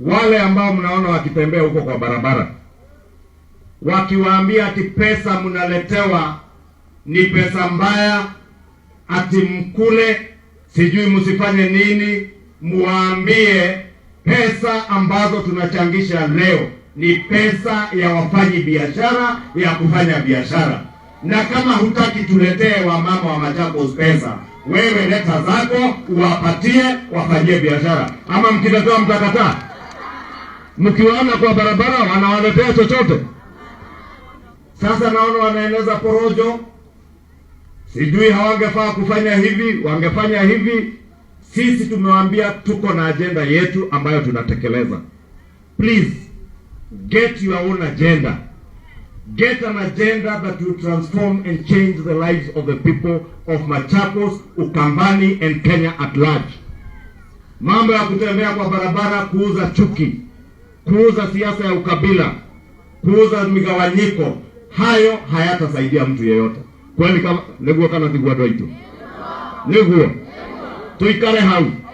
wale ambao mnaona wakitembea huko kwa barabara wakiwaambia ati pesa mnaletewa ni pesa mbaya, ati mkule sijui msifanye nini, muambie pesa ambazo tunachangisha leo ni pesa ya wafanyi biashara ya kufanya biashara, na kama hutaki tuletee wamama wa Machakos pesa, wewe leta zako uwapatie wafanyie biashara, ama mkitatoa mtakataa mkiwaona kwa barabara wanawaletea chochote. Sasa naona wanaeneza porojo, sijui hawangefaa kufanya hivi, wangefanya hivi. Sisi tumewaambia tuko na ajenda yetu ambayo tunatekeleza. Please get your own agenda, get an agenda that will transform and change the lives of the people of Machakos, Ukambani and Kenya at large. Mambo ya kutembea kwa barabara kuuza chuki kuuza siasa ya ukabila, kuuza migawanyiko, hayo hayatasaidia mtu yeyote. Kwani kama niguo kana thigua ndoitå tuikare hau